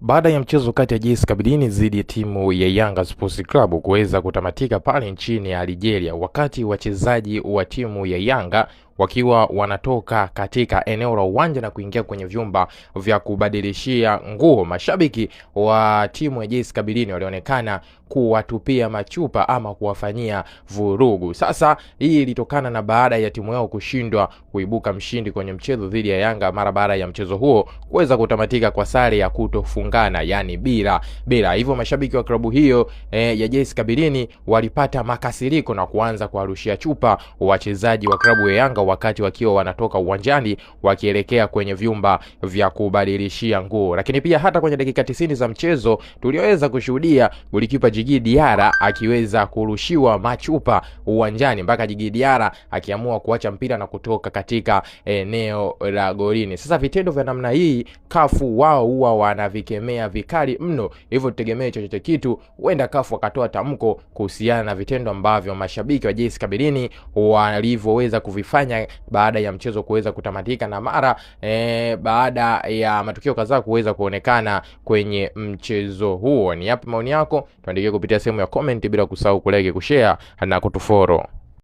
Baada ya mchezo kati ya JS Kabylie dhidi ya timu ya Yanga Sports Club kuweza kutamatika pale nchini Algeria, wakati wachezaji wa timu ya Yanga wakiwa wanatoka katika eneo la uwanja na kuingia kwenye vyumba vya kubadilishia nguo. Mashabiki wa timu ya JS Kabylie walionekana kuwatupia machupa ama kuwafanyia vurugu. Sasa hii ilitokana na baada ya timu yao kushindwa kuibuka mshindi kwenye mchezo dhidi ya Yanga mara baada ya mchezo huo kuweza kutamatika kwa sare ya kutofungana, yani bila bila. Hivyo mashabiki wa klabu hiyo eh, ya JS Kabylie walipata makasiriko na kuanza kuwarushia chupa wachezaji wa klabu ya Yanga wakati wakiwa wanatoka uwanjani wakielekea kwenye vyumba vya kubadilishia nguo. Lakini pia hata kwenye dakika tisini za mchezo tulioweza kushuhudia golikipa Jigi Diara akiweza kurushiwa machupa uwanjani mpaka Jigi Diara akiamua kuacha mpira na kutoka katika eneo la golini. Sasa vitendo vya namna hii kafu wao huwa wanavikemea vikali mno, hivyo tutegemee chochote kitu, huenda kafu akatoa tamko kuhusiana na vitendo ambavyo mashabiki wa JS Kabylie walivyoweza kuvifanya Eh, baada ya mchezo kuweza kutamatika na mara e, baada ya matukio kadhaa kuweza kuonekana kwenye mchezo huo. Ni yapi maoni yako? Tuandikie kupitia sehemu ya comment, bila kusahau kulike, kushare na kutufollow.